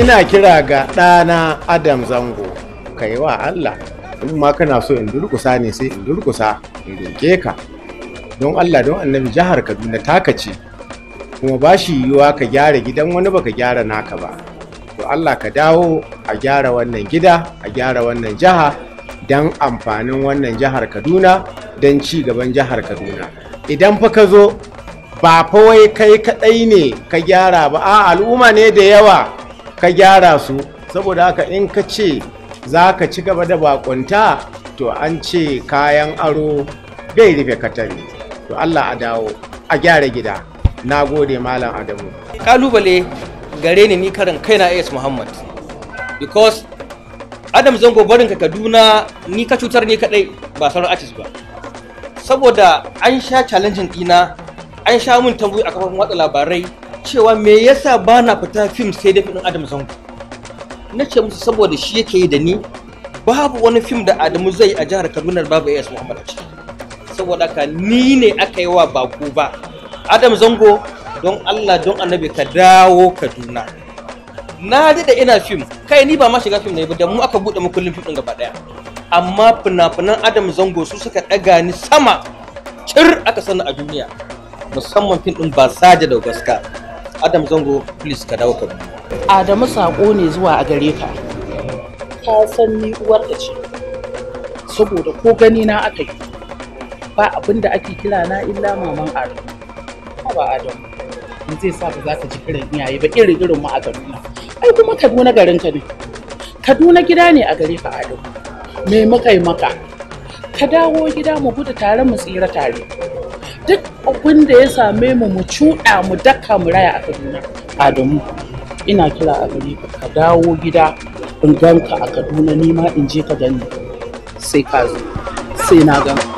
ina kira ga ɗana adam zango ka yi wa allah in ma kana so in durkusa ne sai in durkusa in doke ka don allah don annabi jihar kaduna taka ce kuma ba shi yiwuwa ka gyara gidan wani ba ka gyara naka ba to allah ka dawo a gyara wannan gida a gyara wannan jiha don amfanin wannan jihar kaduna don ci gaban jihar kaduna idan fa ka zo ba fa wai kai kaɗai ne ka gyara ba a al'umma ne da yawa ka gyara su saboda haka in ka ce za ka ci gaba da bakunta to an ce kayan aro bai rufe katari to allah a dawo a gyara gida na gode malam adamu kalubale gare ni ni karan kaina as muhammad because adam zango barin ka kaduna ni ka cutar ni kadai ba sauran artist ba saboda an sha challenging dina an sha mun tambayi a kafafen watsa labarai cewa me yasa ba na fita fim sai dai fidin Adam Zango. Na ce musu saboda shi yake yi da ni babu wani fim da Adamu zai a jihar Kaduna babu AS Muhammad a Saboda ka ni ne aka yi wa ku ba. Adam Zango don Allah don Annabi ka dawo Kaduna. Na da ina fim kai ni ba ma shiga fim ne ba da mu aka buɗe mu kullum fim din gaba daya. Amma fina-finan Adam Zango su suka ɗaga ni sama cir aka sani a duniya musamman fim ɗin ba saja da gaska Adam Zango please ka dawo ka bi. Adamu sako ne zuwa a gare ka. Ka san ni uwar ka ce. Saboda ko gani na aka yi. Ba abin da ake kira na illa maman Adamu. Ba Adamu. In zai sa ba za ka ji kiran iyaye ba irin irin mu a Kaduna. Ai kuma Kaduna garin ka ne. Kaduna gida ne a gare ka Adamu. Me muka yi maka? Ka dawo gida mu gudu tare mu tsira tare. duk abin da ya same mu mu cuɗa mu daka mu raya a kaduna adamu ina kira a gari ka dawo gida in ganka a kaduna nima in je ka gani sai ka zo sai na ganka